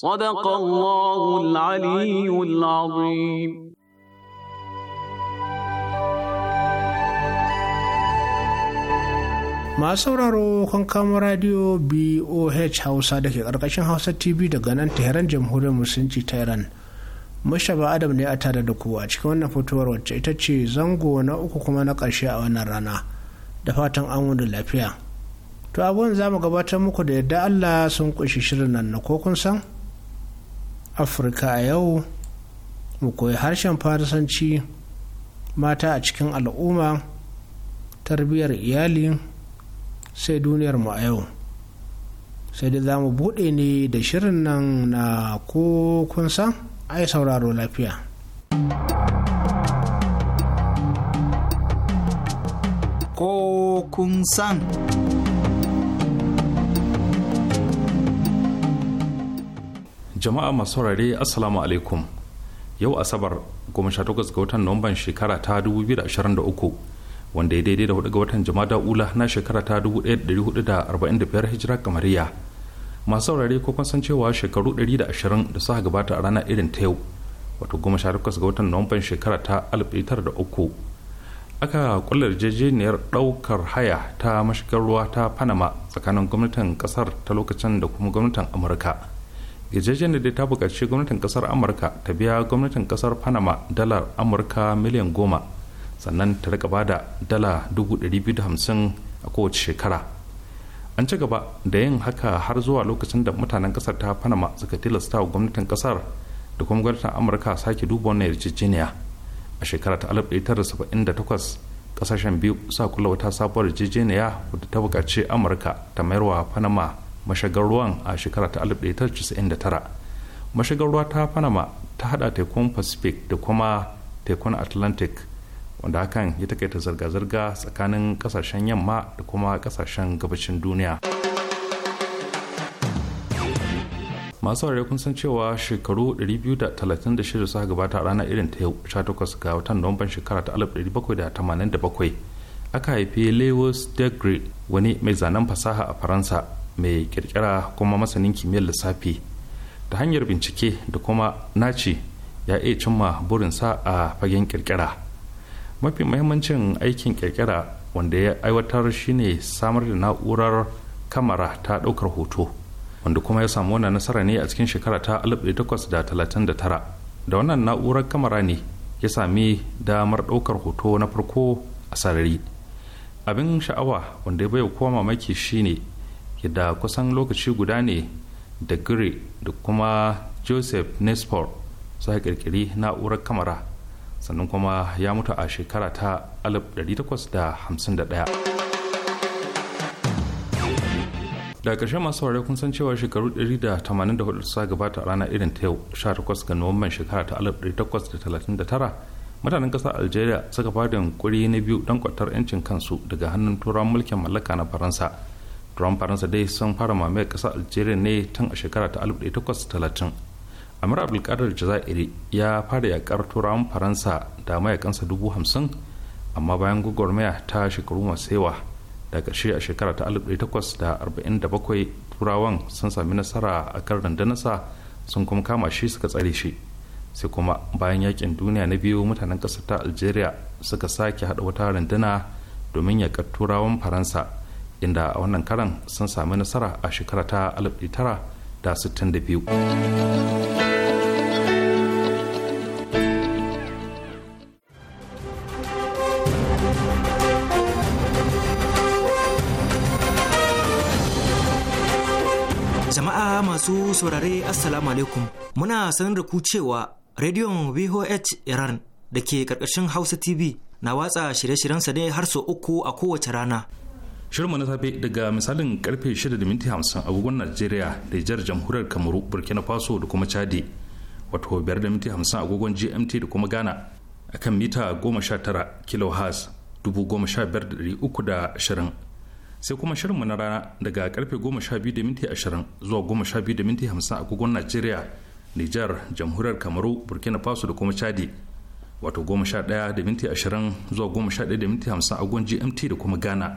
صدق الله العلي العظيم masu sauraro kan kama radio boh hausa da ke karkashin hausa tv daga nan tehran jamhuriyar musulunci ta iran mashaba adam ne a tare da ku a cikin wannan fitowar wacce ita ce zango na uku kuma na ƙarshe a wannan rana da fatan an da lafiya to abuwan za mu gabatar muku da yadda allah sun kunshi shirin nan na ko kun san afirka a yau mu koyi harshen farisanci mata a cikin al'umma tarbiyyar iyali sai duniyar mu a yau sai dai za mu buɗe ne da shirin nan na ko kun san ai sauraro lafiya ko kun san jama'a masu saurare assalamu alaikum yau asabar 18 ga watan nomban shekara ta 2023 wanda ya daidai da hudu ga watan jama'a ula na shekara ta 1445 hijira kamariya masu saurare ko kun san cewa shekaru 120 da suka gabata a ranar irin ta yau wato 18 ga watan nomban shekara ta 1903 aka kulla jejeniyar daukar haya ta mashigar ruwa ta panama tsakanin gwamnatin kasar ta lokacin da kuma gwamnatin amurka yarjejeniyar da ta buƙaci gwamnatin ƙasar amurka ta biya gwamnatin kasar panama dalar amurka miliyan goma sannan ta rika bada dala hamsin a kowace shekara an ci gaba da yin haka har zuwa lokacin da mutanen kasar ta panama suka tilasta wa gwamnatin ƙasar da kuma gwamnatin amurka sake duba wannan yarjejeniya a shekara ta 1978 kasashen biyu sa kula wata sabuwar yarjejeniya wadda ta buƙaci amurka ta mayar wa panama mashigar ruwan a shekara ta 1999 mashigar ruwa ta panama ta hada tekun pacific da kuma tekun atlantic wanda hakan ya takaita zirga-zirga tsakanin kasashen yamma da kuma kasashen gabashin duniya masu ware kun san cewa shekaru 236 suka gabata a ranar irin ta yau 18 ga watan nuwamban shekara ta 1787 aka haifi lewis degree wani mai zanen fasaha a faransa mai kirkira kuma masanin kimiyyar lissafi ta hanyar bincike da kuma naci ya iya cimma burinsa a fagen kirkira mafi mahimmancin aikin kirkira wanda ya aiwatar shine samar da na'urar kamara ta ɗaukar hoto wanda kuma ya samu wannan nasara ne a cikin shekara ta 1839 da wannan na'urar kamara ne ya sami damar ɗaukar hoto na farko a sarari abin sha'awa wanda ya bai kowa mamaki shine yadda kusan lokaci guda ne da gire da kuma joseph nespor suka kirkiri na'urar kamara sannan kuma ya mutu a shekara ta 1851 daga ƙarshe masu saurare kun san cewa shekaru 184 sa gabata a rana irin ta yau 18 ga nuwamban shekara ta 1839 mutanen ƙasar algeria suka fada yunkuri na biyu don kwatar 'yancin kansu daga hannun turawan mulkin mallaka na faransa turawan faransa dai sun fara mamayar kasa algeria ne tun a shekara ta 1830 amir abdulkadir jazairi ya fara yakar turawan faransa da mayakansa dubu hamsin amma bayan gwagwarmaya ta shekaru masu yawa da shi a shekara ta 1847 turawan sun sami nasara a kan randanarsa sun kuma kama shi suka tsare shi sai kuma bayan yakin duniya na biyu mutanen ƙasar ta algeria suka sake haɗa wata randana domin yakar turawan faransa inda a wannan karan sun sami nasara a shekara ta 1962 masu saurare assalamu alaikum muna sanar da ku cewa rediyon voh iran da ke karkashin hausa tv na watsa shirye-shiryensa ne har sau uku a kowace rana Shirma na safe daga misalin karfe 6:50 agogon Najeriya da jihar jamhuriyar Kamaru, Burkina Faso da kuma Chadi. Wato 5:50 agogon GMT da kuma Ghana a kan mita 19 kHz 15,320. Sai kuma shirinmu na rana daga karfe 12:20 zuwa 12:50 agogon Najeriya, Nijar, jamhuriyar Kamaru, Burkina Faso da kuma Chadi. Wato 11:20 zuwa 11:50 agogon GMT da kuma Ghana.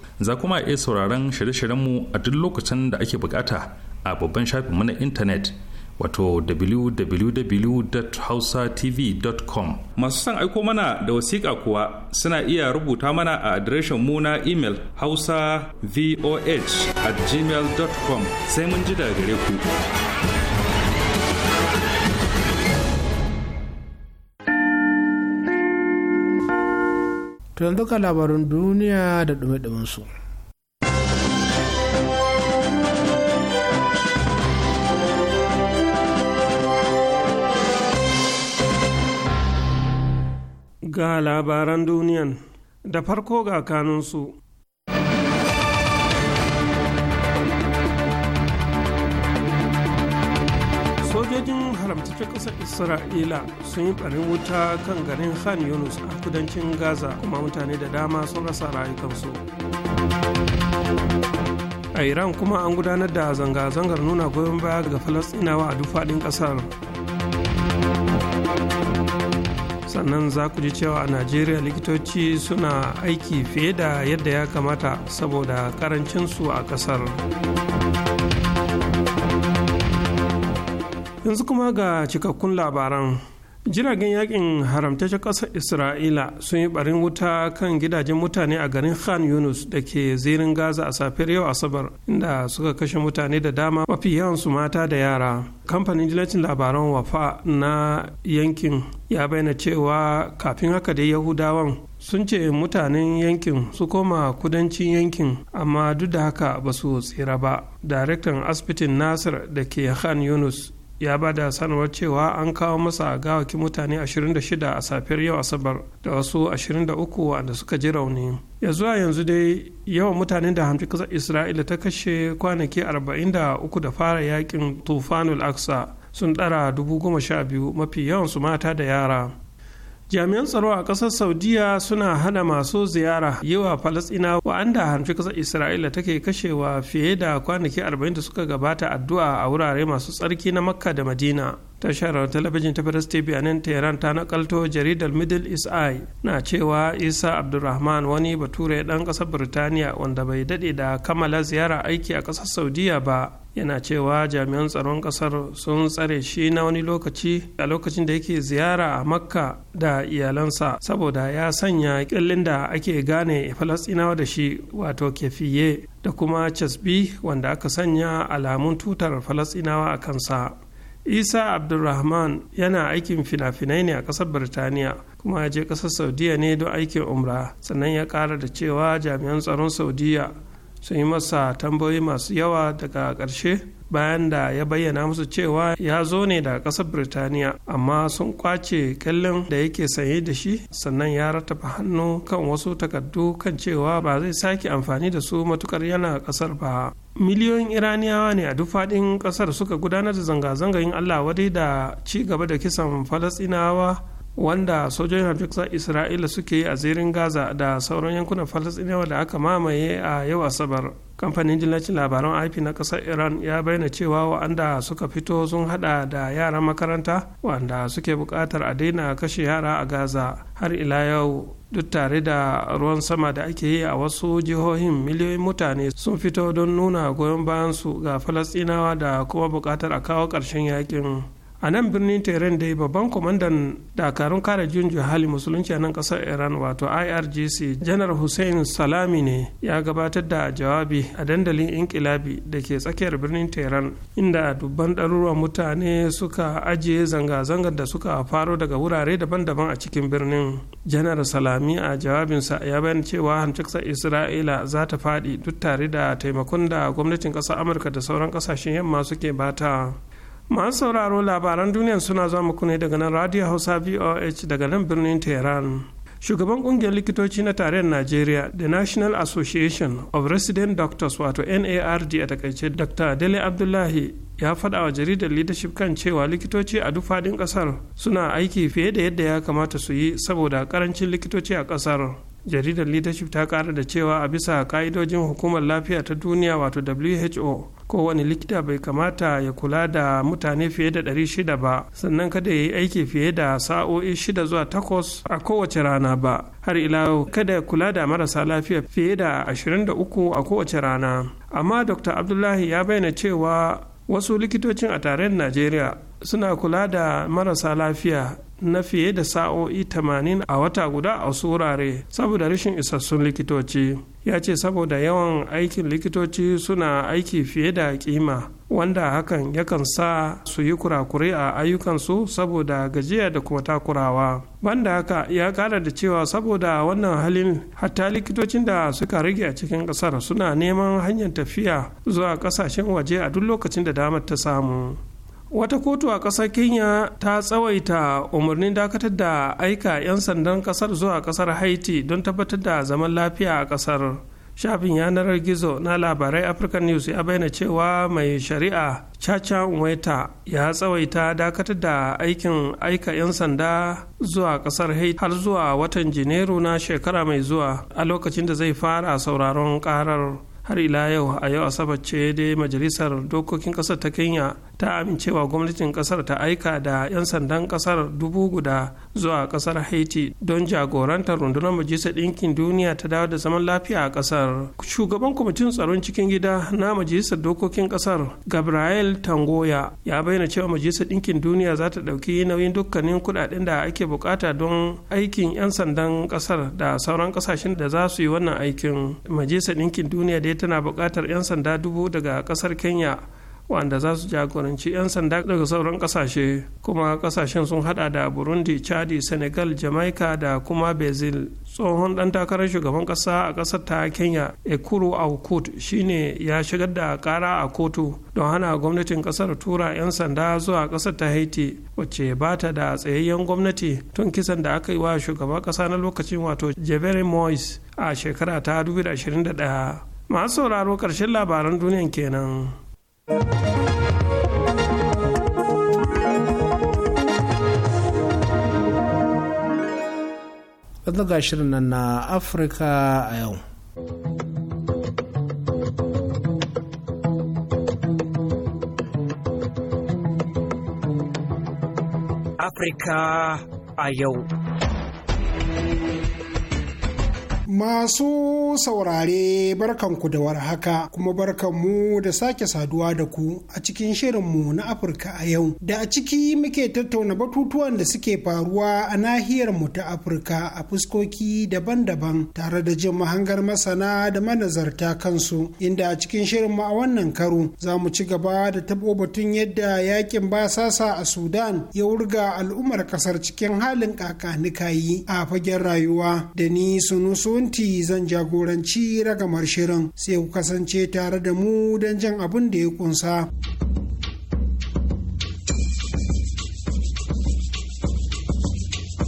za kuma iya sauraron shirye-shiryenmu a duk lokacin da ake bukata a babban shafinmu na intanet wato www.hausatv.com masu son aiko mana da wasiƙa kuwa suna iya rubuta mana a adireshin mu na imel hausa voh at gmail.com sai mun ji da gare ku. to yanzu ka labarin duniya da ɗume su. ga labaran duniyan da farko ga kanunsu haramtaccen ƙasar isra'ila sun yi ɓarin wuta kan garin khan yunus a kudancin gaza kuma mutane da dama sun rasa rayukansu a iran kuma an gudanar da zanga-zangar nuna goyon baya ga falastinawa a duk faɗin ƙasar sannan za ku ji cewa a najeriya likitoci suna aiki fiye da yadda ya kamata saboda karancinsu a ƙasar. yanzu kuma ga cikakkun labaran jiragen yakin haramtaccen ƙasar isra'ila sun yi barin wuta kan gidajen mutane a garin khan yunus da ke zirin gaza a safiyar yau asabar inda suka kashe mutane da dama mafi yawansu mata da yara kamfanin jilacin labaran wafa na yankin ya bayyana cewa kafin haka dai yahudawan sun ce mutanen yankin su koma kudancin yankin amma duk da haka ba su tsira ba daraktan asibitin nasir da ke khan yunus ya ba da sanarwar cewa an kawo masa gawaki mutane 26 a safiyar yau asabar da wasu 23 wanda suka ji rauni ya zuwa yanzu dai yawan mutanen da hamci kasar isra'ila ta kashe kwanaki 43 da fara yakin tufanul aksa sun ɗara 12,000 mafi yawan su mata da yara jami'an tsaro a ƙasar saudiya suna hana masu ziyara yi wa falasina wa'anda hanfi ƙasar isra'ila take kashewa fiye da kwanaki 40 da suka gabata addu'a a wurare masu tsarki na makka da madina tashar talabijin ta Paris TV a nan Tehran ta nakalto jaridar Middle East Eye na cewa Isa Abdulrahman wani bature dan kasar Birtaniya wanda bai dade da kammala ziyara aiki a kasar Saudiya ba yana cewa jami'an tsaron kasar sun tsare shi na wani lokaci a lokacin da yake ziyara a makka da iyalansa saboda ya sanya kyallin da ake gane falastinawa da shi wato kefiye da kuma casbi wanda aka sanya alamun tutar falastinawa a kansa isa abdulrahman yana aikin fina-finai ne a ƙasar birtaniya kuma ya je ƙasar saudiya ne don aikin umra sannan ya ƙara da cewa jami'an tsaron saudiya sun yi masa tambayoyi masu yawa daga ƙarshe bayan da ya bayyana musu cewa ya zo ne daga ƙasar birtaniya amma sun kwace kyallin da yake sanye da shi sannan ya rattafa hannu kan wasu takardu kan cewa ba zai sake amfani da su matukar yana ƙasar ba miliyoyin iraniyawa ne a duk faɗin ƙasar suka gudanar da zanga zangayin allah wadai da ci gaba da kisan falasɗinawa wanda sojojin hajjoksa isra'ila suke yi a zirin gaza da sauran yankunan falasɗinawa da aka mamaye a yau asabar kamfanin dillacin labaran ip na kasar iran ya bayyana cewa wa'anda suka fito sun hada da yaran makaranta wa'anda suke bukatar a daina kashe yara a gaza har ila yau duk tare da ruwan sama da ake yi a wasu jihohin miliyoyin mutane sun fito don nuna goyon bayansu ga falasɗinawa da kuma bukatar a kawo ƙarshen yakin a nan birnin tehran dai babban kwamandan dakarun kare juyin hali musulunci a nan kasar iran wato irgc janar hussein salami ne ya gabatar da jawabi a dandalin inkilabi da ke tsakiyar birnin tehran inda dubban ɗaruruwan mutane suka ajiye zanga-zangar da suka faro daga wurare daban-daban a cikin birnin janar salami a jawabinsa ya bayyana cewa hamciksa isra'ila za ta faɗi duk tare da taimakon da gwamnatin ƙasar amurka da sauran ƙasashen yamma suke bata masu sauraro labaran duniya suna zuwa muku ne daga nan radio hausa voh daga nan birnin tehran shugaban kungiyar likitoci na tarayyar najeriya the national association of resident doctors wato nard a takaice dr dele abdullahi ya faɗa wa jaridar leadership kan cewa likitoci a duk faɗin ƙasar suna aiki fiye da yadda ya kamata su yi saboda ƙarancin likitoci a ƙasar jaridar leadership ta kara da cewa a bisa ƙa'idojin hukumar lafiya ta duniya wato who kowane likita bai kamata ya kula da mutane fiye da 600 ba sannan kada ya yi aiki fiye da sa'o'i 6 zuwa 8 a kowace rana ba har ila kada ya kula da marasa lafiya fiye da 23 a kowace rana amma dr abdullahi ya bayyana cewa wasu likitocin a tarayyar najeriya suna kula da marasa lafiya na fiye da sa'o'i tamanin a wata guda a wasu wurare saboda rashin isassun likitoci ya ce saboda yawan aikin likitoci suna aiki fiye da kima wanda hakan yakan sa su yi kurakure a ayyukansu saboda gajiya da kuma takurawa banda haka ya kara da cewa saboda wannan halin hatta likitocin da suka rage a cikin kasar suna neman hanyar tafiya zuwa kasashen waje a duk lokacin da damar ta samu wata kotu a ƙasar kenya ta tsawaita umarnin dakatar da aika 'yan sandan ƙasar zuwa ƙasar haiti don tabbatar da zaman lafiya a ƙasar shafin yanar gizo na labarai african news ya bayyana cewa mai shari'a chacha nweta ya tsawaita dakatar da aikin aika 'yan sanda zuwa kasar haiti har zuwa watan janairu na shekara mai zuwa a lokacin da zai fara sauraron karar har ila yau a yau asabar ce dai majalisar dokokin kasar ta kenya ta amincewa gwamnatin kasar ta aika da 'yan sandan kasar dubu guda zuwa kasar haiti don jagorantar rundunar majalisar ɗinkin duniya ta dawo da zaman lafiya a kasar shugaban kwamitin tsaron cikin gida na majalisar dokokin kasar gabriel tangoya ya bayyana cewa majalisar ɗinkin duniya za ta ɗauki nauyin dukkanin kuɗaɗen da ake bukata don aikin 'yan sandan kasar da sauran ƙasashen da za su yi wannan aikin majalisar ɗinkin duniya dai tana buƙatar 'yan sanda dubu daga ƙasar kenya wanda za su jagoranci 'yan sanda daga sauran kasashe kuma kasashen sun hada da burundi chadi senegal jamaica da kuma brazil tsohon dan takarar shugaban kasa a kasar ta kenya ekuru aukut shine ya shigar da kara a kotu don hana gwamnatin kasar tura 'yan sanda zuwa kasar ta haiti wacce ba ta da tsayayyen gwamnati tun kisan da aka yi wa shugaban kasa na lokacin wato jevere mois a shekara ta 2021 masu sauraro karshen labaran duniyan kenan. Yanzu ga shirin na Afirka a eh, yau. Oh. Afirka a eh, yau. Oh. Masu saurare barkanku da warhaka kuma barkanmu da sake saduwa da ku a cikin shirinmu na Afirka a yau. Da a ciki muke tattauna batutuwan da suke faruwa a nahiyar mu ta Afirka a fuskoki daban-daban tare da jin mahangar masana da manazarta kansu inda a cikin shirinmu a wannan karo za mu ci gaba da tabo batun yadda yakin basasa a Sudan ya wurga al'ummar kasar cikin halin kakanikayi a fagen rayuwa da ni sunusun minti zan jagoranci ragamar shirin sai ku kasance tare da mu don jan abin da ya kunsa.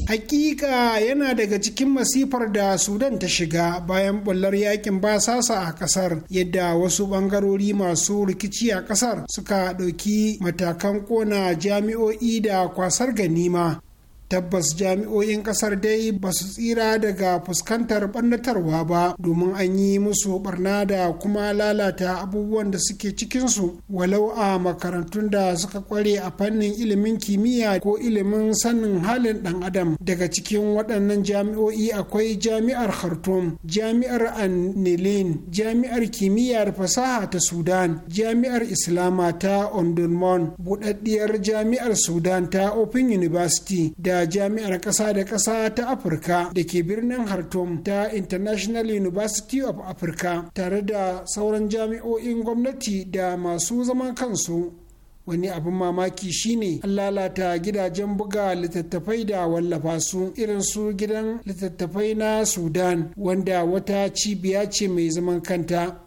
hakika yana daga cikin masifar da sudan ta shiga bayan bullar yakin basasa a kasar yadda wasu bangarori masu rikici a kasar suka ɗauki matakan kona jami'o'i da kwasar ganima tabbas jami'o'in kasar dai ba su tsira daga fuskantar ɓannatarwa ba domin an yi musu barna da kuma lalata abubuwan da suke cikinsu walau a makarantun da suka kware a fannin ilimin kimiyya ko ilimin sanin halin ɗan adam daga cikin waɗannan jami'o'i akwai jami'ar khartoum jami'ar annelin jami'ar kimiyyar fasaha ta sudan jami'ar islama ta ondulmon buɗaɗɗiyar jami'ar sudan ta open university da jami'ar ƙasa da ƙasa ta afirka da ke birnin hartum ta international university of africa tare da sauran jami'o'in gwamnati da masu zaman kansu wani abin mamaki shine an lalata gidajen buga littattafai da wallafa su irin su gidan littattafai na sudan wanda wata cibiya ce mai zaman kanta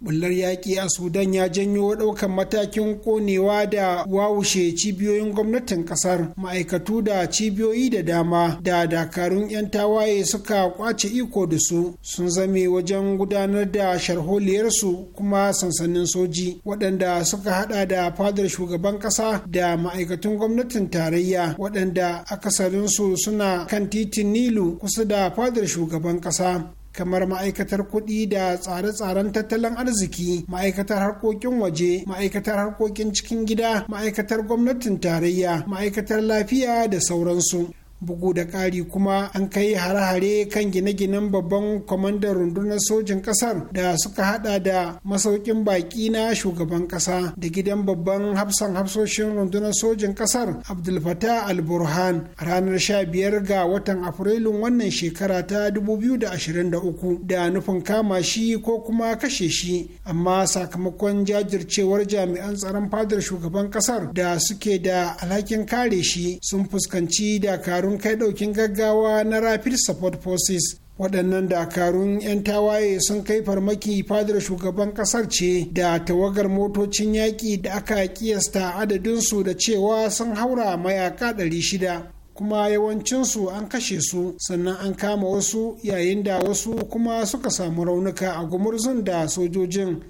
bullar yaƙi a sudan ya janyo ɗaukan matakin ƙonewa da wawushe cibiyoyin gwamnatin ƙasar ma'aikatu da cibiyoyi da dama da dakarun 'yan tawaye suka kwace iko da su sun zame wajen gudanar da sharholiyarsu kuma sansanin soji waɗanda suka haɗa da fadar shugaban ƙasa da ma'aikatun gwamnatin tarayya waɗanda akasarinsu suna kan titin nilu kusa da fadar shugaban ƙasa kamar ma'aikatar kuɗi da tsare-tsaren tattalin arziki ma'aikatar harkokin waje ma'aikatar harkokin cikin gida ma'aikatar gwamnatin tarayya ma'aikatar lafiya da sauransu bugu da ƙari kuma an kai hare-hare kan gine-ginen babban kwamandan rundunar sojin ƙasar da suka hada da masaukin baƙi na shugaban ƙasa da gidan babban hafsan hafsoshin rundunar sojin ƙasar abdulfata al-burhan ranar biyar ga watan afrilun wannan shekara ta 2023 da nufin kama shi ko kuma kashe shi amma sakamakon jajircewar jami'an tsaron fadar shugaban ƙasar da suke da alhakin kare shi sun fuskanci dakaru dakarun kai ɗaukin gaggawa na rapid support forces waɗannan dakarun 'yan tawaye sun kai farmaki fadar shugaban ƙasar ce da tawagar motocin yaƙi da aka kiyasta adadinsu da cewa sun haura mayaka 600 kuma yawancinsu an kashe su sannan an kama wasu yayin da wasu kuma suka samu raunuka a gumurzun da sojojin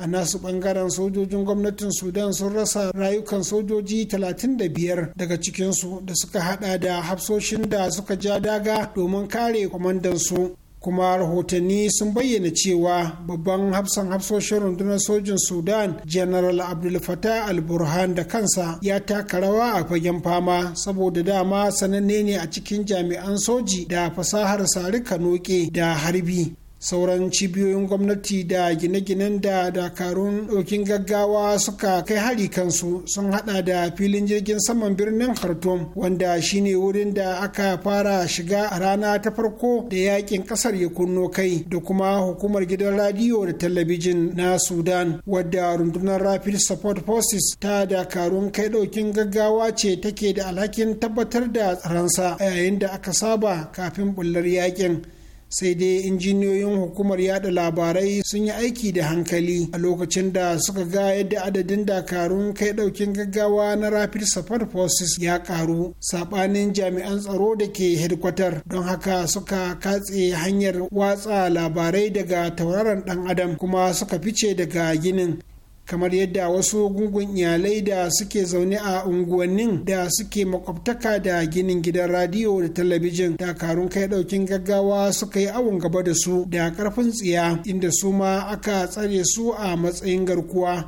a nasu bangaren sojojin gwamnatin sudan sun rasa rayukan sojoji 35 daga cikinsu da suka hada da hafsoshin da suka ja daga domin kare kwamandansu kuma rahotanni sun bayyana cewa babban hafsan hafsoshin rundunar sojin sudan general abdul fatah al-burhan da kansa ya taka rawa a fagen fama saboda dama sananne ne a cikin jami'an soji da fasahar sari noke da harbi sauran cibiyoyin gwamnati da gine-ginen da dakarun dokin gaggawa suka kai hari kansu sun hada da filin jirgin saman birnin khartoum wanda shine wurin da aka fara shiga a rana ta farko da yakin kasar ya kunno kai da kuma hukumar gidan radiyo da talabijin na sudan wadda rundunar rapid support forces ta dakarun kai ɗaukin gaggawa ce take da alhakin tabbatar da tsaronsa yayin da aka saba kafin bullar yakin sai dai injiniyoyin hukumar yada labarai sun yi aiki da hankali a lokacin da suka ga yadda adadin dakarun kai daukin gaggawa na rapid support forces ya karu sabanin jami'an tsaro da ke hedkwatar don haka suka katse hanyar watsa labarai daga tauraron dan adam kuma suka fice daga ginin kamar yadda wasu gungun iyalai da suke zaune a unguwannin da suke makwabtaka da ginin gidan radiyo da talabijin dakarun kai daukin gaggawa suka yi awon gaba da su da karfin tsiya inda su ma aka tsare su a matsayin garkuwa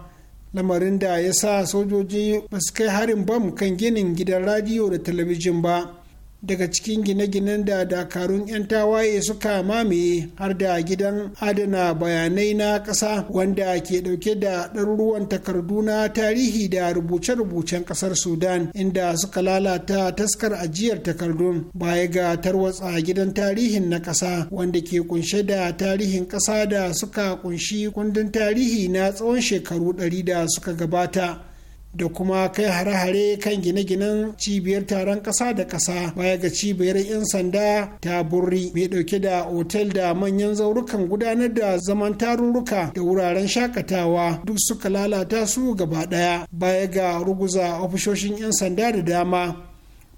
lamarin da ya sa sojoji ba su kai harin bam kan ginin gidan radiyo da talabijin ba daga cikin gine-ginen da dakarun 'yan tawaye suka mamaye har da gidan adana bayanai na ƙasa wanda ke ɗauke da ɗaruruwan takardu na tarihi da rubuce-rubucen ƙasar sudan inda suka lalata taskar ajiyar takardun baya ga tarwatsa gidan tarihin na ƙasa wanda ke kunshe da tarihin ƙasa da suka kunshi kundin tarihi na tsawon shekaru ɗari da suka gabata da kuma kai hare-hare kan gine-ginen cibiyar taron ƙasa da ƙasa baya ga cibiyar 'yan sanda ta burri mai ɗauke da otel da manyan zaurukan gudanar da zaman tarurruka da wuraren shakatawa duk suka lalata su gaba ɗaya baya ga ruguza ofishoshin 'yan sanda da dama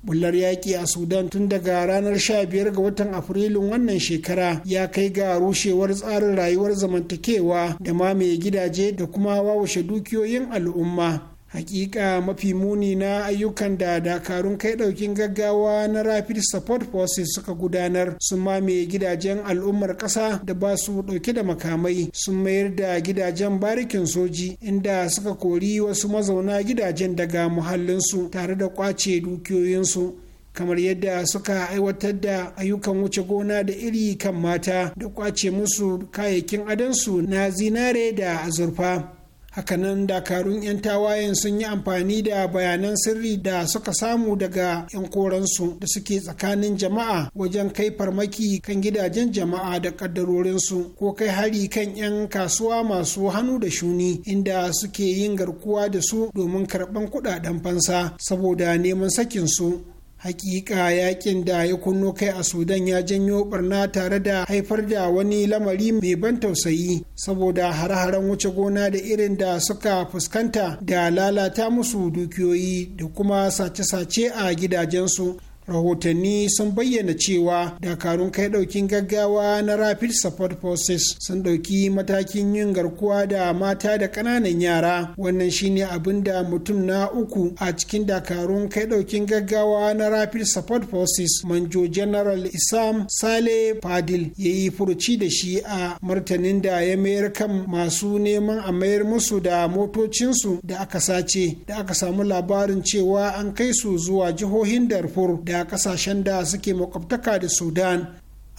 bullar yaƙi a sudan tun daga ranar 15 ga watan afrilun wannan shekara ya kai ga rushewar tsarin rayuwar zamantakewa da mamaye gidaje da kuma wawashe dukiyoyin al'umma hakika mafi muni na ayyukan da dakarun kai daukin gaggawa na rapid support forces suka gudanar sun mamaye gidajen al'ummar kasa da ba su dauke da makamai sun mayar da gidajen barikin soji inda suka kori wasu mazauna gidajen daga muhallinsu tare da kwace dukiyoyinsu kamar yadda suka aiwatar da ayyukan wuce gona da iri kan mata da kwace musu kayayyakin adansu na zinare da azurfa hakanan dakarun 'yan tawayen sun yi amfani da bayanan sirri da suka samu daga 'yan koransu da suke tsakanin jama'a wajen kai farmaki kan gidajen jama'a da kaddarorinsu ko kai hari kan 'yan kasuwa masu hannu da shuni inda suke yin garkuwa da su domin karɓan kuɗaɗen fansa saboda neman sakinsu hakika yakin da ya kunno kai a sudan ya janyo barna tare da haifar da wani lamari mai ban tausayi saboda hare-haren wuce gona da irin da suka fuskanta da lalata musu dukiyoyi da kuma sace-sace a gidajensu rahotanni sun bayyana cewa dakarun kai daukin gaggawa na rapid support forces sun dauki matakin yin garkuwa da mata da ƙananan yara wannan shine abin da mutum na uku a cikin dakarun kai daukin gaggawa na rapid support forces manjo general isam sale fadil ya yi furuci da shi a martanin da ya mayar kan masu neman a mayar musu da motocinsu da aka sace da aka samu labarin cewa an kai su zuwa jihohin darfur da kasashen da suke makwabtaka da sudan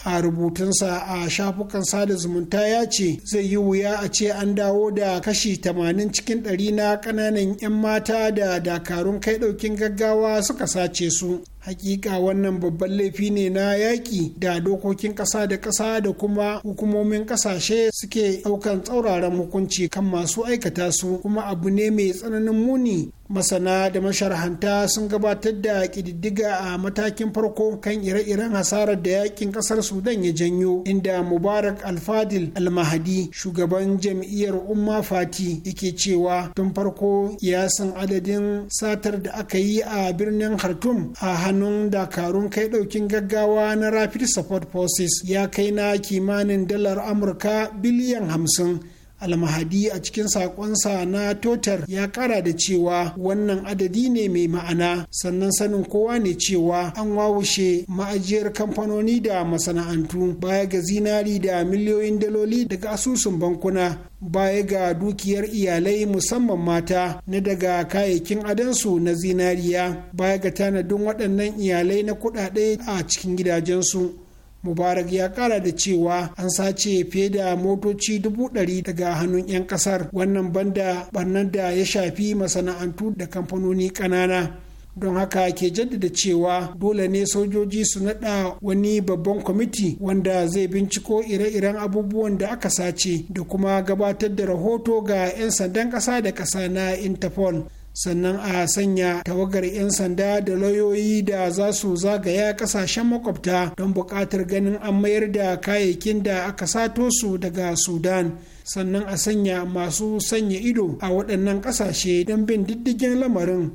a rubutunsa a shafukan sada zumunta ya ce zai yi wuya a ce an dawo da kashi 80 cikin 100 na kananan 'yan mata da dakarun kai daukin gaggawa suka sace su hakika wannan babban laifi ne na yaƙi da dokokin ƙasa da ƙasa da kuma hukumomin ƙasashe suke ɗaukan tsauraran hukunci kan masu aikata su kuma abu ne mai tsananin muni masana da masharhanta sun gabatar da ƙididdiga a matakin farko kan ire-iren hasarar da yakin ƙasar sudan ya janyo inda mubarak alfadil almahadi shugaban jam'iyyar umma fati yake cewa tun farko ya san adadin satar da aka yi a birnin khartoum a hannun dakarun kai ɗaukin gaggawa na rapid support forces ya kai na kimanin dalar amurka biliyan hamsin almahadi a cikin sakonsa na totar ya kara da cewa wannan adadi ne mai ma'ana sannan sanin kowa ne cewa an wawushe ma'ajiyar kamfanoni da masana'antu baya ga zinari da miliyoyin daloli daga asusun bankuna baya ga dukiyar iyalai musamman mata na daga kayayyakin adansu na zinariya baya ga tanadin waɗannan iyalai na kuɗaɗe a cikin gidajensu mubarak ya kara da cewa an sace fiye da motoci dubu ɗari daga hannun 'yan kasar wannan banda barnar da ya shafi masana'antu da kamfanoni ƙanana don haka ke jaddada cewa dole ne sojoji su nada wani babban kwamiti wanda zai binciko ire-iren abubuwan da aka sace da kuma gabatar da rahoto ga 'yan sandan ƙasa da ƙasa na interpol sannan a sanya tawagar 'yan sanda da lauyoyi da za su zagaya kasashen makwabta don buƙatar ganin an mayar da kayayyakin da aka sato su daga sudan sannan a sanya masu sanya ido a waɗannan ƙasashe don bin diddigin lamarin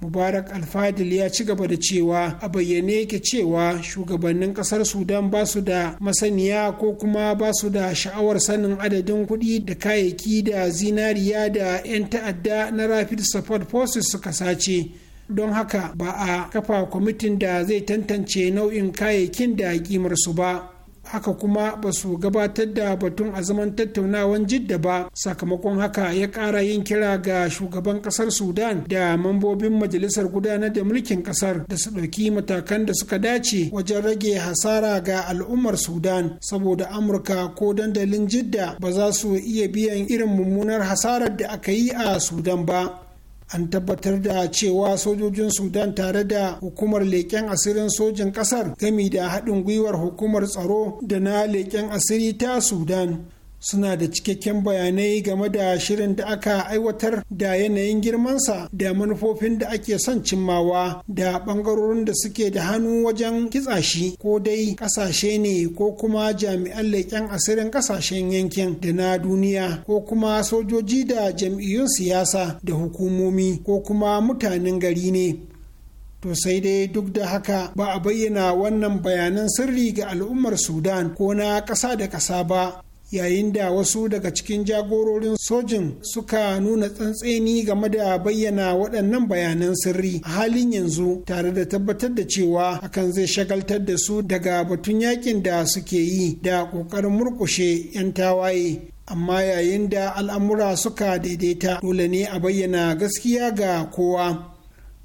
mubarak alfadil ya ci gaba da cewa a bayyane yake cewa shugabannin kasar sudan ba su da masaniya ko kuma ba su da sha'awar sanin adadin kuɗi da kayayyaki da zinariya da 'yan ta'adda na rapid support forces suka sace don haka ba a kafa kwamitin da zai tantance nau'in kayayyakin da ƙimarsu ba haka kuma ba su gabatar da batun azaman zaman tattaunawan jidda ba sakamakon haka ya kara yin kira ga shugaban kasar sudan da mambobin majalisar gudanar da mulkin kasar da su ɗauki matakan da suka dace wajen rage hasara ga al'ummar sudan saboda amurka ko dandalin jidda ba za su iya biyan irin mummunar hasarar da aka yi a sudan ba an tabbatar da cewa sojojin sudan tare da hukumar leƙen asirin sojin ƙasar gami da haɗin gwiwar hukumar tsaro da na leƙen asiri ta sudan suna da cikakken bayanai game da shirin da aka aiwatar da yanayin girmansa da manufofin da ake son cimmawa da bangarorin da suke da hannu wajen kitsa shi ko dai ƙasashe ne ko kuma jami'an leƙen asirin ƙasashen yankin da na duniya ko kuma sojoji da jam'iyyun siyasa da hukumomi ko kuma mutanen gari ne to sai dai duk da haka ba a bayyana wannan bayanan sirri ga al'ummar sudan ko na ƙasa da ƙasa ba yayin da wasu daga cikin jagororin sojin suka nuna tsantseni game da bayyana waɗannan bayanan sirri a halin yanzu tare da tabbatar da cewa hakan zai shagaltar da su daga batun yakin da suke yi da ƙoƙarin murƙushe 'yan tawaye amma yayin da al'amura suka daidaita dole ne a bayyana gaskiya ga kowa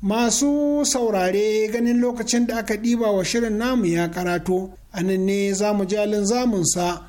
masu saurare ganin lokacin da aka ɗiba wa shirin namu ya karato a nan ne zamu jalin zamunsa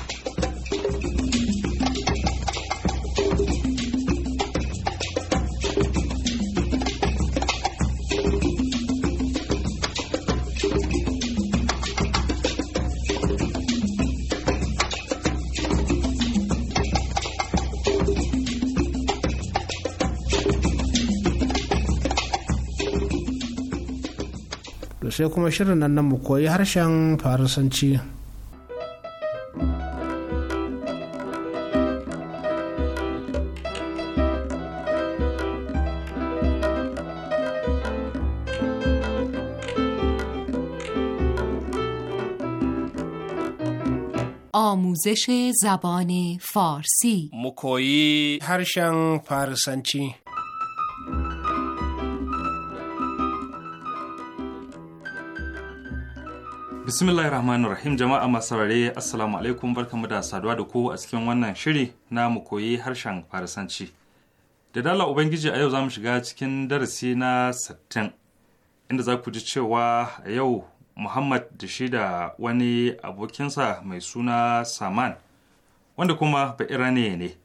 sai kuma shirin nan mu koyi harshen farisanci آموزش زبان فارسی مکویی هرشن فارسنچی Bismillahir Rahmanir Rahim jama'a masu saurare Assalamu alaikum barkamu da saduwa da ku a cikin wannan shiri na mu koyi harshen Farisanci. Da dala Ubangiji a yau za mu shiga cikin darasi na sattin inda za ku ji cewa a yau Muhammad da shi da wani abokinsa mai suna Saman wanda kuma Ba'irane ne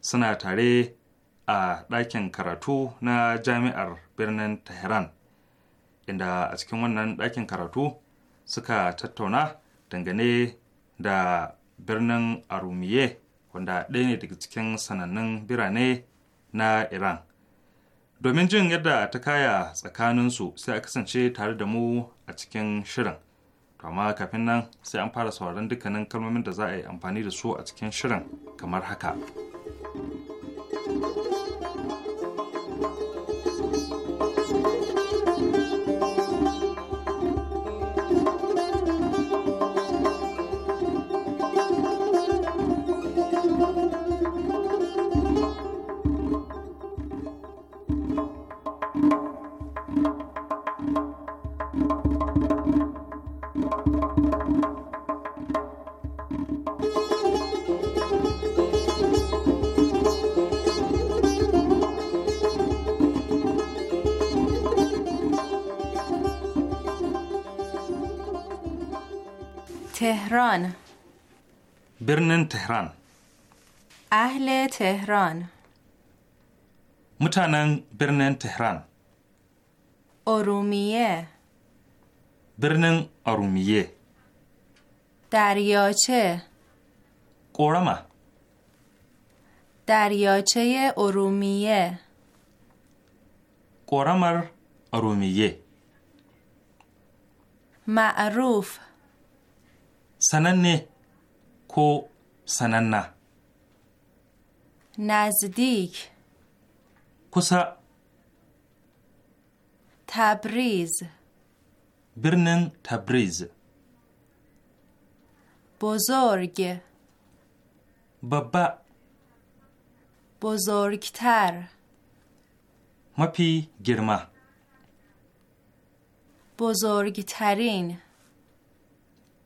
suna tare a ɗakin karatu na jami'ar birnin Tehran inda a cikin wannan ɗakin karatu suka tattauna dangane da birnin arumiye wanda ɗaya ne daga cikin sanannun birane na iran domin jin yadda ta kaya tsakaninsu sai a kasance tare da mu a cikin shirin to amma kafin nan sai an fara sauraron dukkanin kalmomin da za a yi amfani da su a cikin shirin kamar haka. تهران برنن تهران اهل تهران متانن برنن تهران ارومیه برنن ارومیه دریاچه کورمه دریاچه ارومیه قرمر ارومیه معروف سننه کو سننه نزدیک کسا تبریز برنن تبریز بزرگ بابا بزرگتر مپی گرما بزرگترین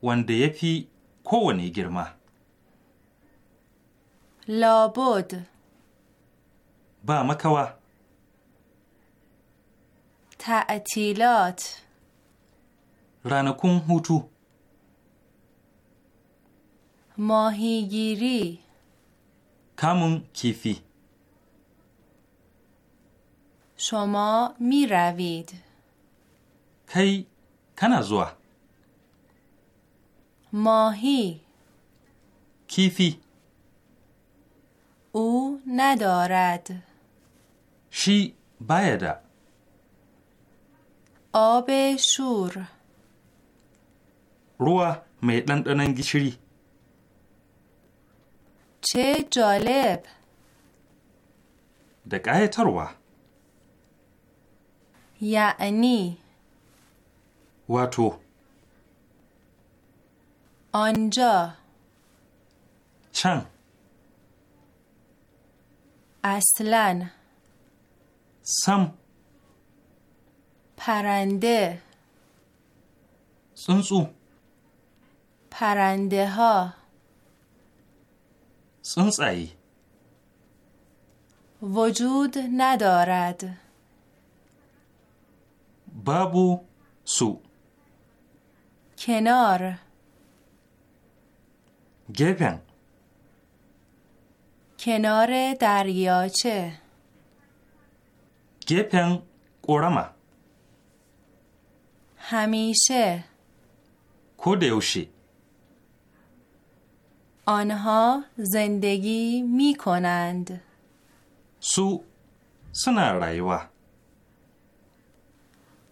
wanda ya fi kowane girma. Labod Ba makawa. Ta'atilat Ranakun hutu. mohigiri Kamun kifi. Shoma miravid. Kai, kana zuwa. ماهی کیفی او ندارد شی باید آب شور روا می دندنن چه جالب دقایق تروا یعنی واتو آنجا چند اصلا سم پرنده سنسو پرنده ها سنسعی وجود ندارد بابو سو کنار گپن کنار دریاچه گپن ƙorama همیشه کودوشی آنها زندگی می کنند سو سنا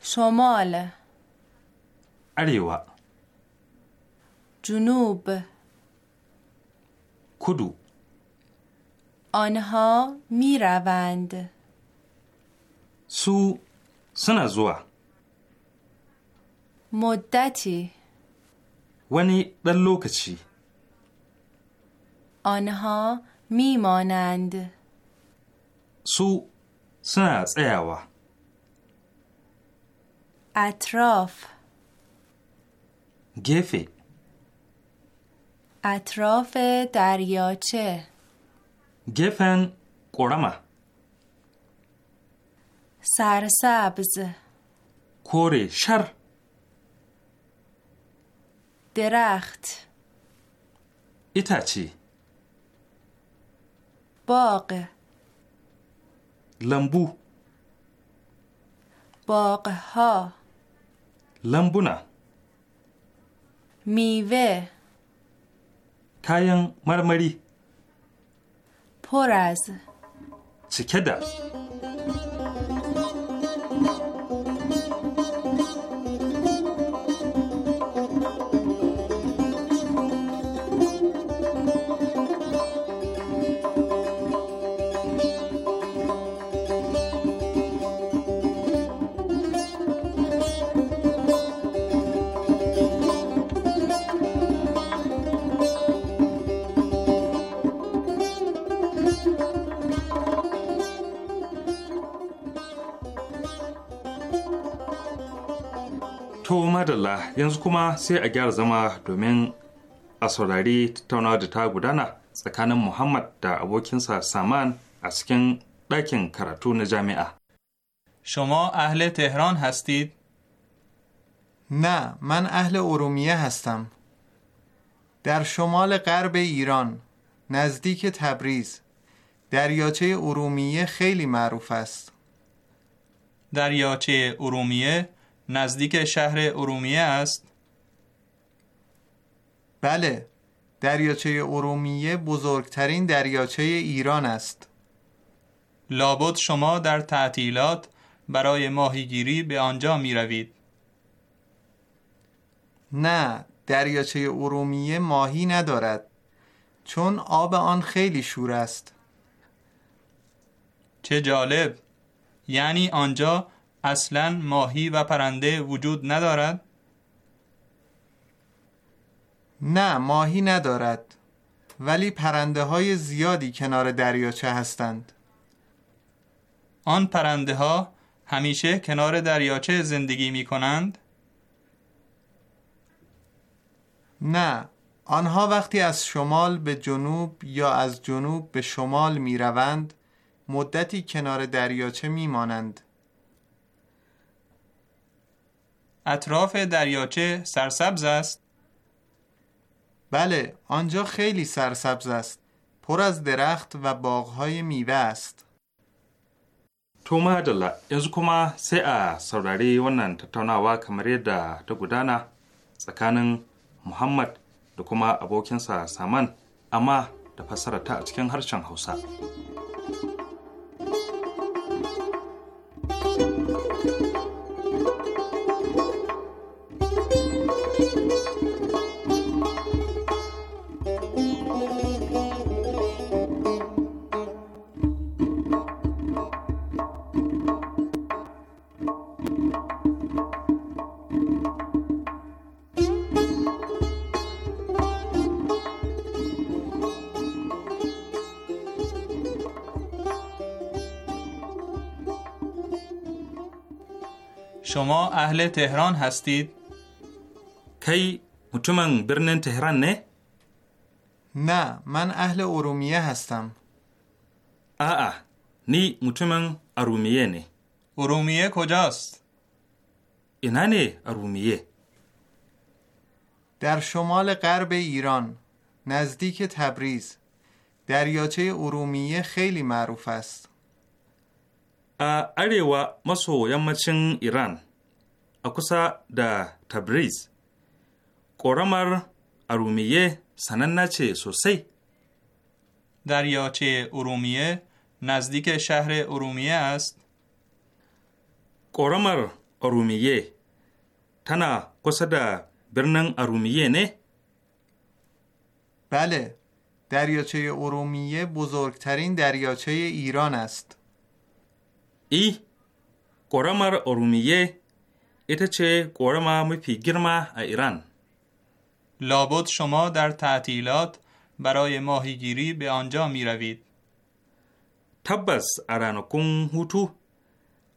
شمال اریوا جنوب کدو آنها می روند سو سنزوا مدتی ونی در لوکچی آنها می مانند سو سنز ایوا اطراف گفه اطراف دریاچه گفن قرمه سرسبز کوری شر درخت ایتاچی باغ لمبو باغ ها لمبونا میوه kayan marmari poras cike da To madalla yanzu kuma sai a gyara zama domin a saurari tattaunawa da ta gudana tsakanin Muhammad da abokinsa Saman a cikin ɗakin karatu na jami'a. Tehran hastid? Na, man نه من hastam. Dar هستم در شمال غرب ایران نزدیک تبریز دریاچه ارومیه خیلی معروف است دریاچه ارومیه نزدیک شهر ارومیه است؟ بله دریاچه ارومیه بزرگترین دریاچه ایران است لابد شما در تعطیلات برای ماهیگیری به آنجا می روید نه دریاچه ارومیه ماهی ندارد چون آب آن خیلی شور است چه جالب یعنی آنجا اصلا ماهی و پرنده وجود ندارد؟ نه ماهی ندارد ولی پرنده های زیادی کنار دریاچه هستند آن پرنده ها همیشه کنار دریاچه زندگی می کنند؟ نه آنها وقتی از شمال به جنوب یا از جنوب به شمال می روند مدتی کنار دریاچه می مانند اطراف دریاچه سرسبز است؟ بله، آنجا خیلی سرسبز است. پر از درخت و باغهای میوه است. To yanzu kuma sai a saurari wannan tattaunawa kamar yadda ta gudana tsakanin Muhammad da kuma abokinsa Saman amma da fassararta a cikin harshen Hausa. اهل تهران هستید؟ کی مطمئن برنن تهران نه؟ نه من اهل ارومیه هستم آه نی مطمئن ارومیه نه ارومیه کجاست؟ اینانه ارومیه در شمال غرب ایران نزدیک تبریز دریاچه ارومیه خیلی معروف است. اریوا مسو یمچن ایران a دا تبریز کورامر آرومیه ارومیه سنن چه سوسی دریاچه ارومیه نزدیک شهر ارومیه است کورامر ارومیه تنا قصد برنن ارومیه نه بله دریاچه ارومیه بزرگترین دریاچه ایران است ای کورامر ارومیه ita چه ƙorama mafi girma ایران لابد شما در تعطیلات برای ماهیگیری به آنجا می روید. تبس ارانکون هوتو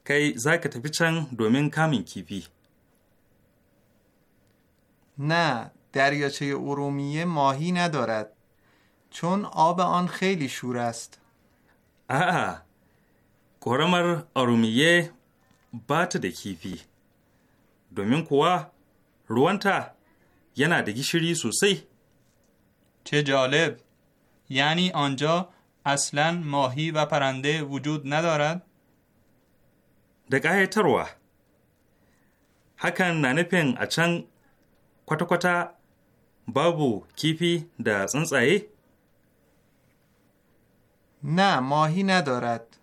کی زاک تفی دومین کامین کیفی. نه دریاچه ارومیه ماهی ندارد چون آب آن خیلی شور است. آه مر ارومیه بات ده کیفی. domin kuwa ruwanta yana da gishiri sosai. چه جالب یعنی آنجا اصلا ماهی و پرنده وجود ندارد؟ da ƙayatarwa hakan na nufin a can kwata-kwata babu kifi da tsuntsaye? na ماهی ندارد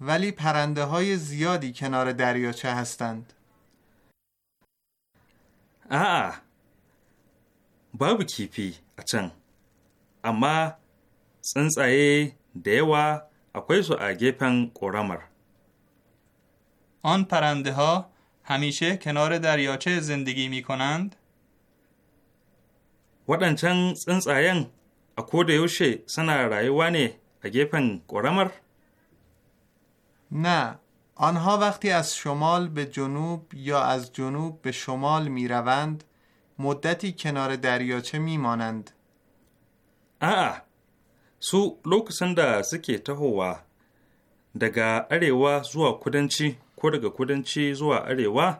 ولی پرنده های زیادی کنار دریاچه هستند A'a, babu kifi a can, amma tsuntsaye da yawa akwai su a gefen ƙoramar. آن پرنده ها همیشه کنار دریاچه zindigi می waɗancan tsuntsayen a koda yaushe suna rayuwa ne a gefen ƙoramar? Na, آنها وقتی از شمال به جنوب یا از جنوب به شمال می روند مدتی کنار دریاچه می مانند آه سو لوک سنده سکی تهوا دگا اره و زوا کدنچی کدگا کدنچی زوا اره و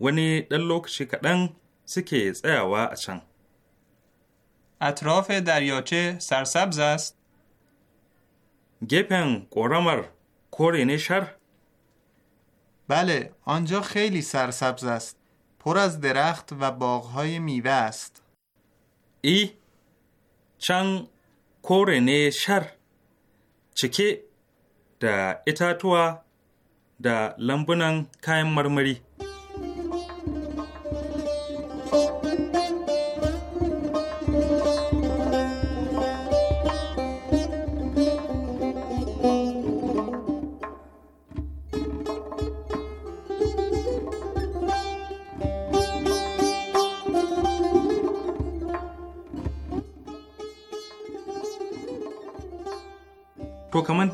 ونی دل لوک شکرن سکی زیا و اطراف دریاچه سرسبز است گپن کورمر کره یعنی بله آنجا خیلی سرسبز است پر از درخت و باغهای میوه است ای چنگ کره یعنی شر چکه دا اتاتوا دا لمبنان کایم مرمری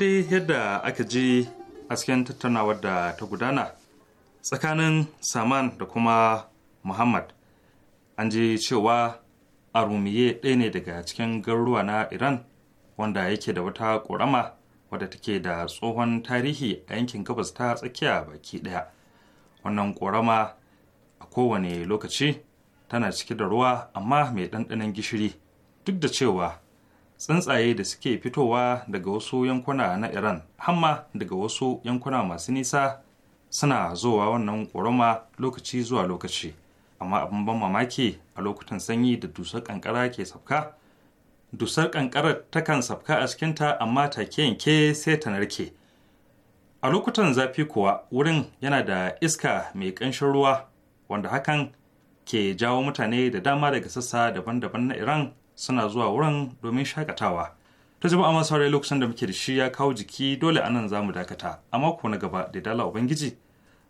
dai yadda aka ji a cikin tattaunawar da ta gudana tsakanin saman da kuma muhammad an ji cewa arumiye ɗaya ne daga cikin garuruwa na iran wanda yake da wata ƙorama wadda take da tsohon tarihi a yankin gabas ta tsakiya baki ɗaya wannan ƙorama a kowane lokaci tana cike da ruwa amma mai ɗanɗanon gishiri duk da cewa tsuntsaye da suke fitowa daga wasu yankuna na iran hamma daga wasu yankuna masu nisa suna zowa wannan ƙorama lokaci zuwa lokaci amma abin ban mamaki a lokutan sanyi da dusar ƙanƙara ke sabka dusar ƙanƙarar takan sabka a cikinta amma ta yanke sai ta narke a lokutan zafi kuwa wurin yana da iska mai ƙanshin ruwa wanda hakan ke jawo mutane da dama daga sassa daban-daban na iran suna zuwa wurin domin shakatawa ta jama'a amma saurayi lokacin da muke da shi ya kawo jiki dole anan za mu dakata a mako na gaba da dala ubangiji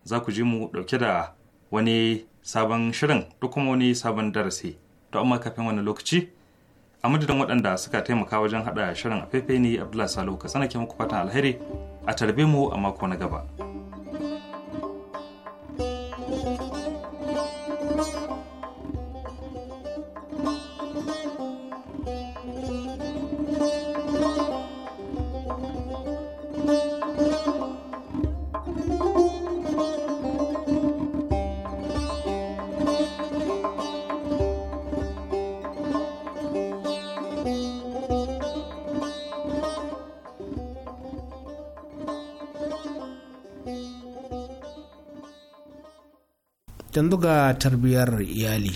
za ku ji mu dauke da wani sabon shirin da kuma wani sabon darasi to amma kafin wani lokaci a madadin waɗanda suka taimaka wajen haɗa shirin a ne abdullahi salo ka sanake muku fatan alheri a tarbe mu a mako na gaba. don ga tarbiyyar iyali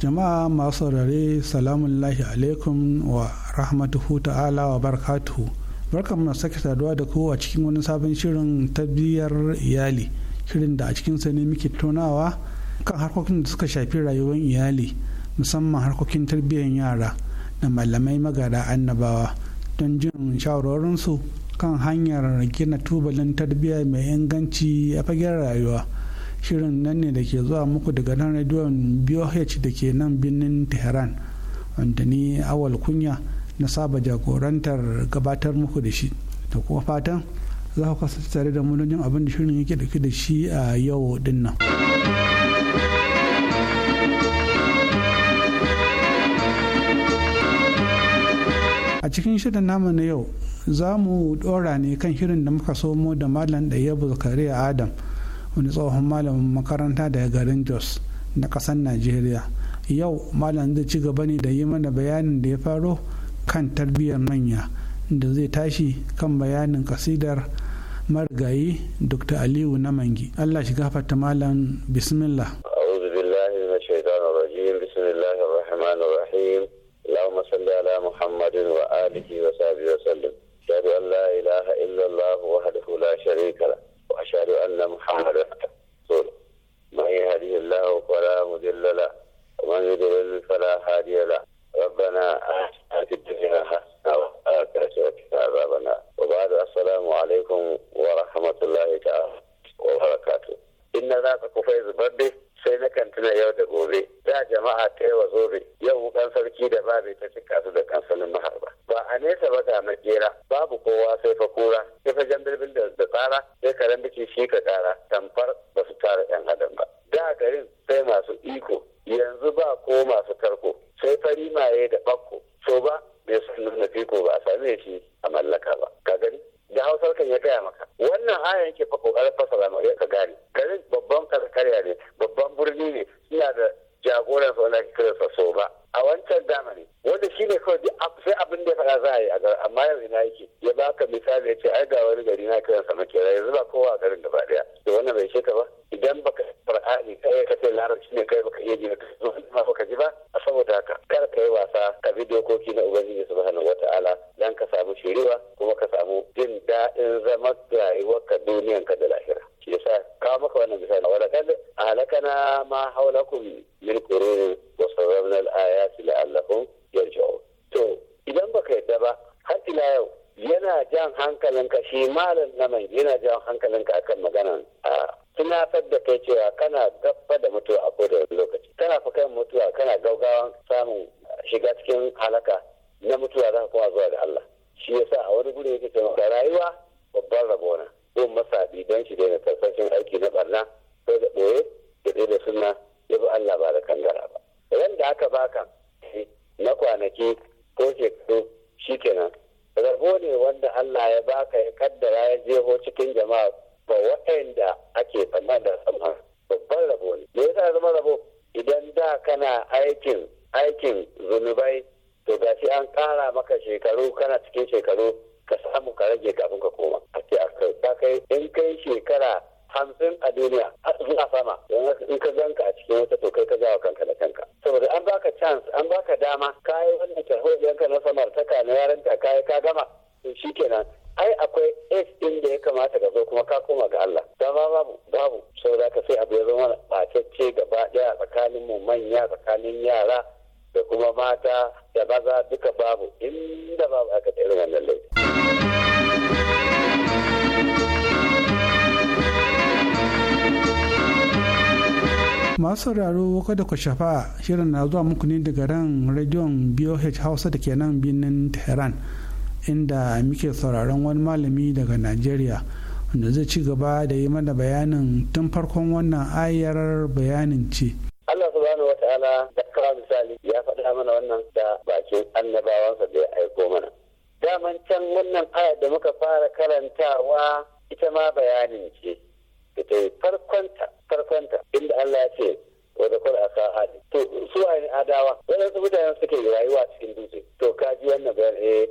jama'a masu saurare salamun lahi alaikum wa rahmatuhu ta'ala wa barakatuhu barkan mu sake saduwa da ku a cikin wani sabon shirin tarbiyyar iyali shirin da a cikin sani muke tonawa kan harkokin da suka shafi rayuwar iyali musamman harkokin tarbiyyar yara da malamai magada annabawa don jin shawarwarinsu kan hanyar gina tubalin tarbiyya mai inganci a fagen rayuwa shirin nan ne da ke zuwa muku daga nan rediyon boh da ke nan birnin tehran wanda ni awal kunya na saba jagorantar gabatar muku da shi da kuma fatan za ku kasance tare da mu don abin da shirin yake dauke da shi a yau dinnan. a cikin shirin namu na yau za mu dora ne kan shirin da muka somo da malam da yabu zakariya adam wani tsohon malamin makaranta daga garin jos na ƙasar najeriya yau malam zai ci gaba ne da yi mana bayanin da ya faro kan tarbiyyar manya da zai tashi kan bayanin kasidar marigayi dr aliyu na mangi allah shi gafarta malam bismillah tunasar da kai cewa kana gaba da mutuwa a koda lokaci kana fi kan mutuwa kana gaugawan samun shiga cikin halaka na mutuwa za ka koma zuwa ga Allah shi yasa a wani guri yake cewa ga rayuwa babban rabona don masaɗi don shi daina tarsashin aiki na barna sai da ɓoye da ɗaya da suna ya bi Allah ba da kangara ba idan da aka baka na kwanaki ko shekaru shikenan rabo ne wanda Allah ya baka ya kaddara ya jeho cikin jama'a ba waɗanda ake tsamman da tsamman babban rabo ne me yasa zama rabo idan da kana aikin aikin zunubai to ga shi an ƙara maka shekaru kana cikin shekaru ka samu ka rage kafin ka koma a ce a kai kai in kai shekara hamsin a duniya a zuwa sama in ka zanka a cikin wata to kai ka zawa kanka da kanka saboda an baka chance an baka dama ka yi wannan tarho idan yanka na samar ta ka na yaranta ka gama shi kenan ai akwai s din da ya kamata ka zo kuma ka koma ga Allah da ba babu babu da ka sai abu ya zama batacce gaba daya tsakanin mu manya tsakanin yara da kuma mata da maza duka babu inda babu aka tsere wannan laifi masu sauraro kada ku shafa shirin na zuwa muku ne daga ran rediyon BOH Hausa da ke nan birnin Tehran. inda muke sauraron wani malami daga najeriya wanda zai ci gaba da yi mana bayanin tun farkon wannan ayar bayanin ce Allah subhanahu wa ta'ala da kara misali ya faɗa mana wannan da bakin annabawansa da ya aiko mana daman can wannan ayar da muka fara karantawa ita ma bayanin ce ita farkonta farkonta inda Allah ya ce wa da kula aka hali to su a adawa waɗansu mutane suke rayuwa cikin dutse to ka ji wannan bayan eh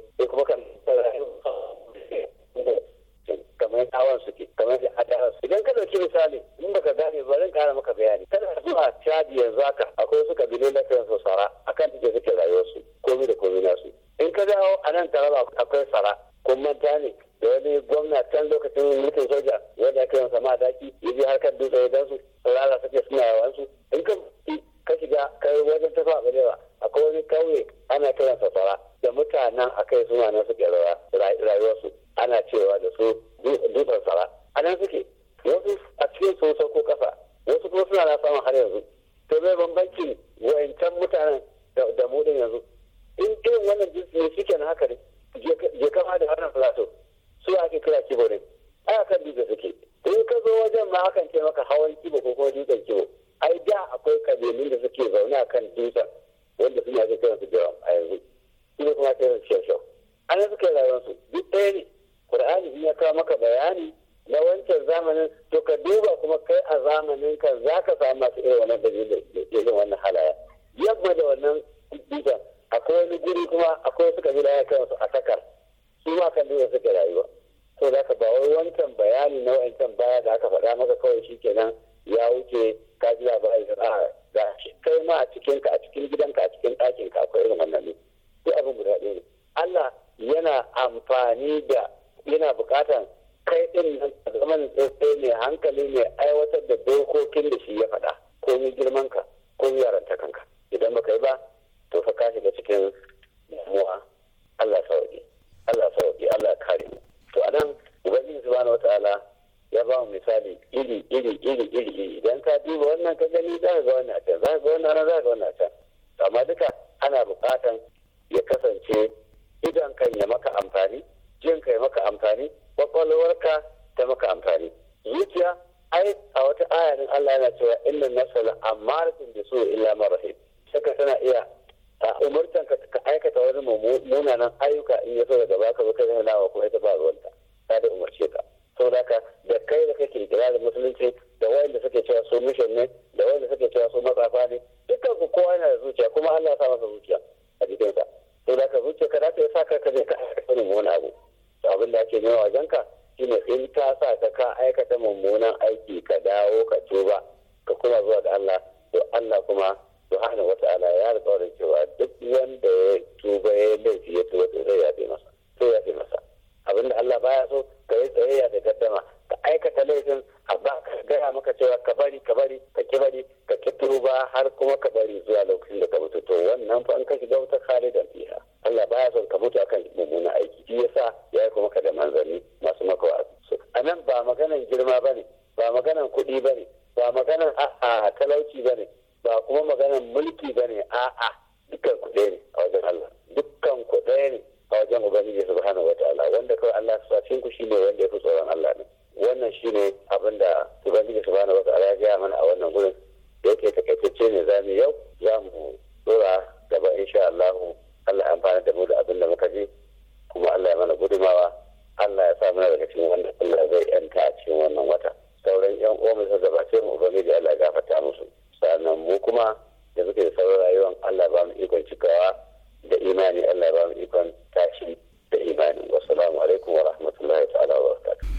da jirgi idan ka duba wannan ka gani za ka ga wani a can za ka ga wani a wannan za ka ga wani a can amma duka ana bukatan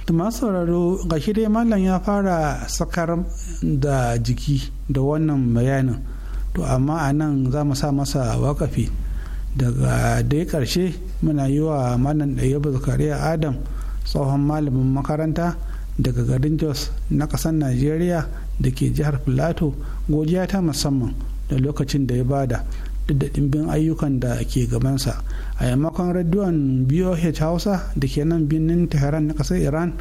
to sauraro ga shi dai malam ya fara sakar da jiki da wannan bayanin to amma a nan za mu sa masa wakafi daga dai karshe muna yi wa malam ɗayyaba zakariya adam tsohon malamin makaranta daga garin jos na ƙasar najeriya da ke jihar plateau godiya ta musamman da lokacin da ya bada duk da dimbin ayyukan da ke gabansa a yammakon rediyon boh hausa da ke nan birnin tehran na ƙasar iran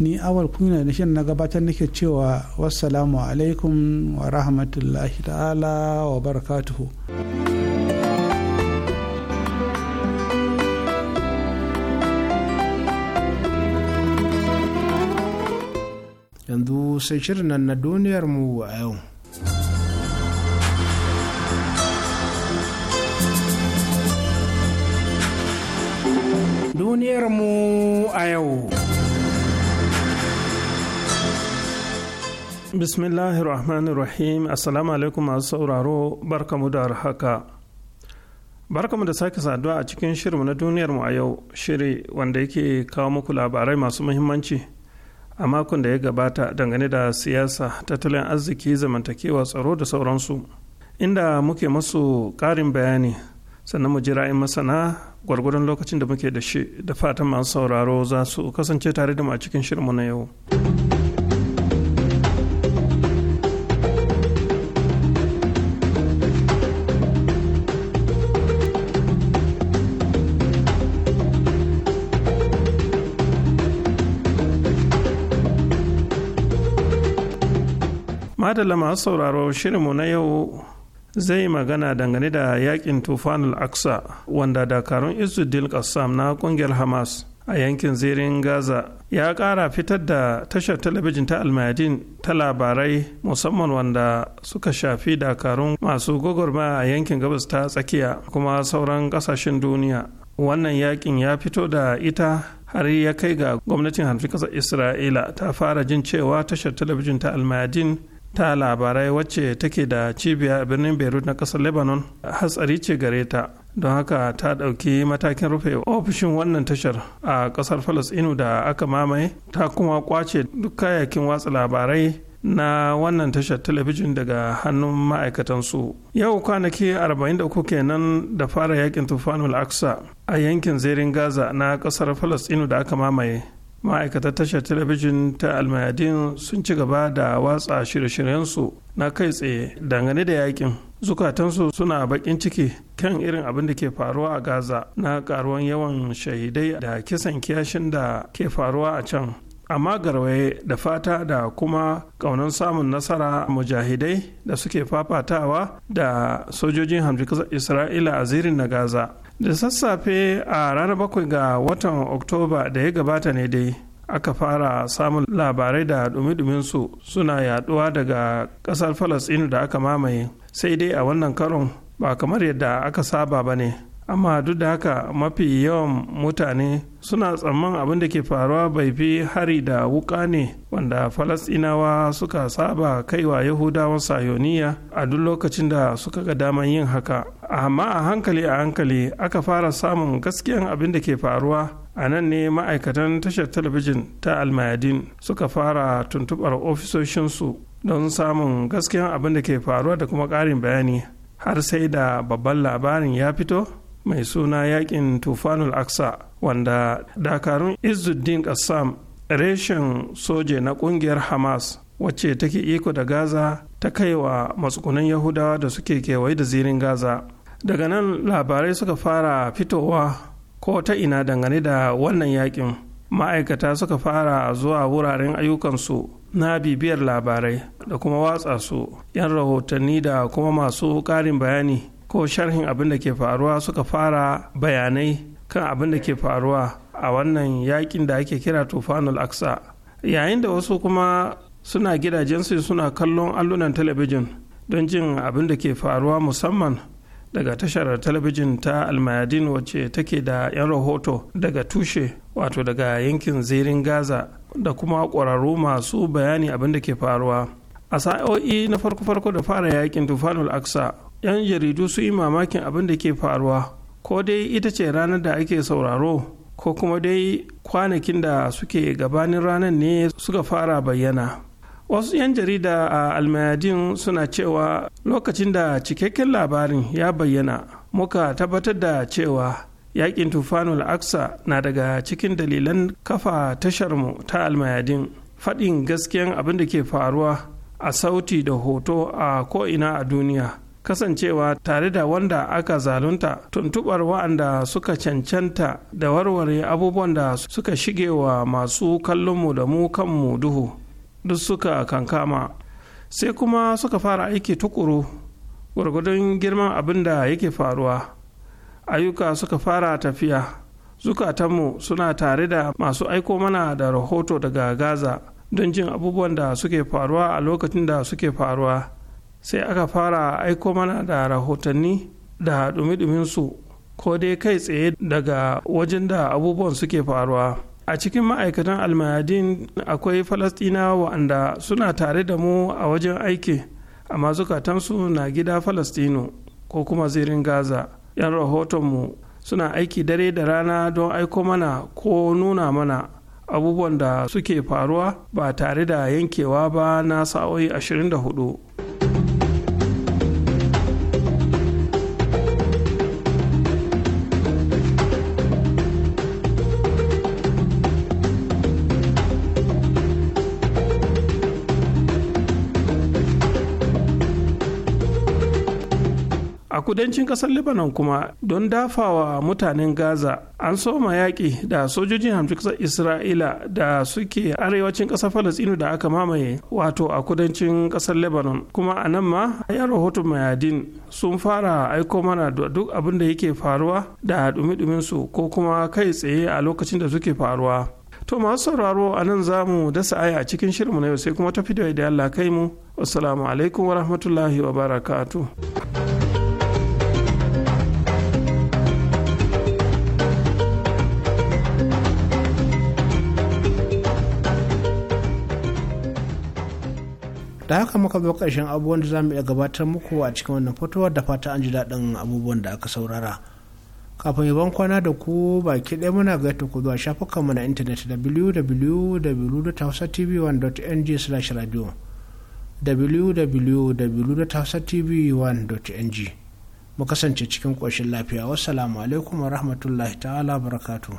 ni awal kunya da shan na gabatar nake cewa wassalamu alaikum wa rahmatullahi ta'ala wa barakatuhu yanzu sai shirin nan na duniyarmu a yau duniyarmu a yau. bismillahir rahmanir rahim assalamu alaikum masu sauraro barkamu da haka barkamu da sake saduwa a cikin shirinmu na duniyar mu a yau shiri wanda yake kawo muku labarai masu muhimmanci a makon da ya gabata dangane da siyasa tattalin arziki zamantakewa tsaro da sauransu inda muke masu karin bayani sannan mu jira in masana gwargwadon lokacin da muke da shi da fatan masu sauraro za su kasance tare da mu a cikin shirinmu na yau. Madalla masu sauraro shirinmu na yau zai magana dangane da yakin tufanul aksa wanda dakarun izuddin kassam na kungiyar hamas a yankin zirin gaza ya kara fitar da tashar talabijin ta almayadin ta labarai musamman wanda suka shafi dakarun masu gogorma a yankin gabas ta tsakiya kuma sauran kasashen duniya wannan yakin ya fito da ita har ya kai ga gwamnatin hanfi kasar isra'ila ta fara jin cewa tashar talabijin ta almayadin ta labarai wacce take da cibiya a birnin beirut na ƙasar lebanon hatsari ce gare ta don haka ta ɗauki matakin rufe ofishin wannan tashar a ƙasar inu da aka mamaye ta kuma kwace duk kayakin watsa labarai na wannan tashar talabijin daga hannun ma'aikatansu yau kwanaki 43 kenan da fara yakin tufanul aksa a yankin zirin gaza na ƙasar falasɗinu da aka mamaye ma'aikatar tashar talabijin ta almayadin sun ci gaba da watsa shirye-shiryensu na kai tsaye dangane da yakin zukatansu suna bakin ciki kan irin abin da ke faruwa a gaza na karuwan yawan shahidai da kisan kiyashin da ke faruwa a can amma garwaye da fata da kuma kaunan samun nasara mujahidai da suke fafatawa da sojojin hamjikasar isra'ila a zirin na gaza da sassafe a ranar bakwai ga watan oktoba da ya gabata ne dai aka fara samun labarai da dumi su suna yaduwa daga kasar falasɗin da aka mamaye sai dai a wannan karon ba kamar yadda aka saba ba ne amma duk da haka mafi yawan mutane suna tsamman abin da ke faruwa bai fi hari da wuka ne wanda falasinawa suka saba kaiwa yahudawan sayoniya a duk lokacin da suka ga daman yin haka amma a hankali a hankali aka fara samun gaskiyan abin da ke faruwa a nan ne ma'aikatan tashar talabijin ta almayadin suka fara tuntubar ofisoshinsu don samun gaskiyan abin da ke faruwa da kuma ƙarin bayani har sai da babban labarin ya fito mai suna yakin tufanul aksa wanda dakarun izuddin Qassam reshen soje na kungiyar hamas wacce take iko da gaza ta kai wa matsugunan yahudawa da suke kewaye da zirin gaza daga nan labarai suka fara fitowa ko ta ina dangane da wannan yakin ma'aikata suka fara zuwa wuraren ayyukansu na bibiyar labarai da kuma watsa su 'yan rahotanni da kuma masu ƙarin bayani ko sharhin abin da ke faruwa suka fara bayanai kan abin da ke faruwa a wannan yakin da ake kira tufanul aksa yayin da wasu kuma suna gidajensu suna kallon allunan talabijin don jin abin da ke faruwa musamman daga tashar talabijin ta almayadin wacce take da 'yan rahoto daga tushe wato daga yankin zirin gaza da kuma ƙwararru masu bayani abin da ke faruwa a sa'o'i na farko-farko da fara yakin tufanul aksa 'yan jaridu su yi mamakin abin da ke faruwa ko dai ita ce ranar da ake sauraro ko kuma dai kwanakin da suke gabanin ranar ne suka fara bayyana wasu 'yan jarida a almayadin suna cewa lokacin da cikakken labarin ya bayyana muka tabbatar da cewa yakin tufanul aksa na daga cikin dalilan kafa tasharmu ta almayadin faɗin gaskiyan abin da ke faruwa a sauti da hoto a ko'ina a duniya kasancewa tare da wanda aka zalunta tuntubar wa'anda suka cancanta da warware abubuwan da suka shige wa masu kallonmu da mu kanmu duhu duk suka kankama sai kuma suka fara aiki tukuru gwargwadon girman abin da yake faruwa ayyuka suka fara tafiya zukatanmu suna tare da masu aiko mana da rahoto daga gaza don jin abubuwan da suke faruwa a lokacin da suke faruwa sai aka fara aiko mana da rahotanni da dumi su ko dai kai tsaye daga wajen da abubuwan suke faruwa a cikin ma'aikatan almayadin akwai falastinawa wa'anda suna tare da mu a wajen aiki amma zukatansu na gida Falastino ko kuma zirin gaza yan rahotonmu suna aiki dare da rana don aiko mana ko nuna mana abubuwan da suke faruwa ba tare da yankewa ba na sa'o'i 24 kudancin kasar lebanon kuma don dafawa mutanen gaza an soma yaƙi da sojojin hamsin kasar isra'ila da suke arewacin kasar falastinu da aka mamaye wato a kudancin kasar lebanon kuma a nan ma ya rahoton mayadin sun fara aiko mana da duk abin da yake faruwa da dumi su ko kuma kai tsaye a lokacin da suke faruwa to masu sauraro a nan za mu dasa aya a cikin shirinmu na yau sai kuma ta fidiyo da Allah kai mu assalamu alaikum wa rahmatullahi wa barakatuh da haka muka bi ƙarshen abubuwan da za mu iya gabatar muku a cikin wannan fitowar da fata an ji daɗin abubuwan da aka saurara kafin yaban kwana da ku baki ɗaya muna gaita ku zuwa shafukanmu na intanet www.hausatv1.ng slash radio www.hausatv1.ng mu kasance cikin ƙoshin lafiya wassalamu alaikum wa rahmatullahi ta'ala barakatuhu